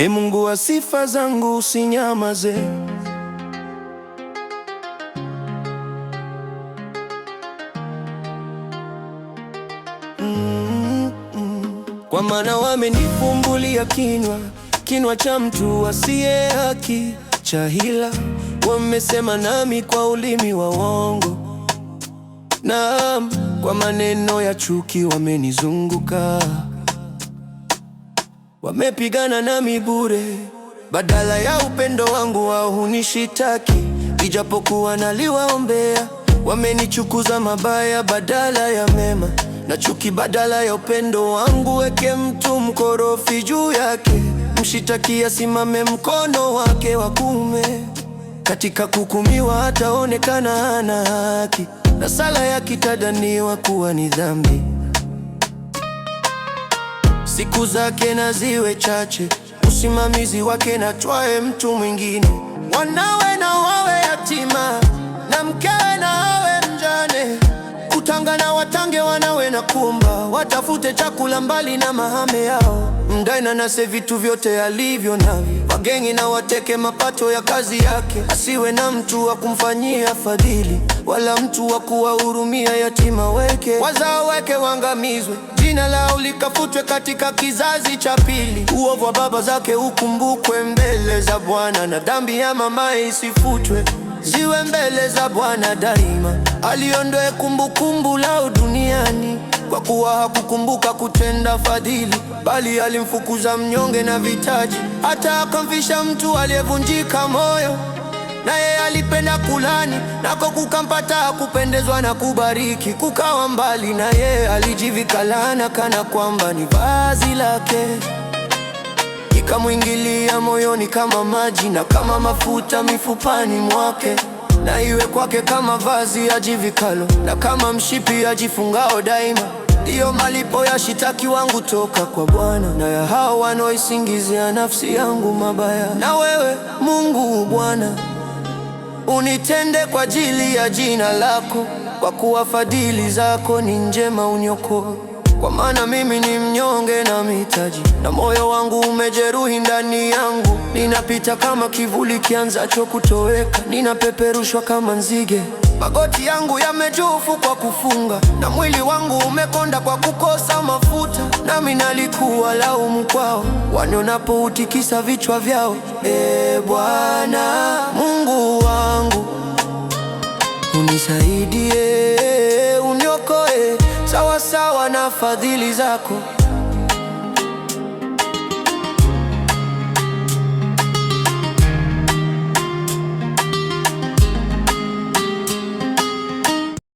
E Mungu wa sifa zangu, usinyamaze, mm -mm. Kwa maana wamenifumbulia kinywa, kinywa cha mtu asiye haki, cha hila. Wamesema nami kwa ulimi wa uongo, naam, kwa maneno ya chuki wamenizunguka Wamepigana nami bure, badala ya upendo wangu wao hunishitaki, ijapokuwa naliwaombea. Wamenichukuza mabaya badala ya mema, na chuki badala ya upendo wangu. Weke mtu mkorofi juu yake, mshitaki asimame mkono wake wa kuume. Katika kuhukumiwa ataonekana hana haki, na sala yakitadaniwa kuwa ni dhambi siku zake na ziwe chache, usimamizi wake na twae mtu mwingine, wanawe na wawe yatima, na mkewe na awe mjane, kutanga na watange, wanawe na kumba, watafute chakula mbali na mahame yao, mdaina nase vitu vyote alivyo navyo, wagengi na wateke mapato ya kazi yake, asiwe na mtu wa kumfanyia fadhili, wala mtu wa kuwahurumia yatima, weke wazao weke wangamizwe jina lao likafutwe katika kizazi cha pili. Uovu wa baba zake ukumbukwe mbele za Bwana, na dhambi ya mamaye isifutwe, ziwe mbele za Bwana daima. Aliondoe kumbukumbu lao duniani, kwa kuwa hakukumbuka kutenda fadhili, bali alimfukuza mnyonge na vitaji, hata akamfisha mtu aliyevunjika moyo naye alipenda kulani, nako kukampata kupendezwa na kubariki, kukawa mbali naye. Alijivikalana kana kwamba ni vazi lake, ikamwingilia moyoni kama maji na kama mafuta mifupani mwake na iwe kwake kama vazi ajivikalo na kama mshipi ajifungao daima. Ndiyo malipo ya shitaki wangu toka kwa Bwana na ya hao wanaoisingizia nafsi yangu mabaya. Na wewe Mungu Bwana unitende kwa ajili ya jina lako, kwa kuwa fadhili zako ni njema uniokoe. Kwa maana mimi ni mnyonge na mhitaji, na moyo wangu umejeruhi ndani yangu. Ninapita kama kivuli kianzacho kutoweka, ninapeperushwa kama nzige Magoti yangu yamechofu kwa kufunga, na mwili wangu umekonda kwa kukosa mafuta. Nami nalikuwa laumu kwao, utikisa vichwa vyao. E Bwana Mungu wangu, unisaidie, uniokoe sawasawa na fadhili zako.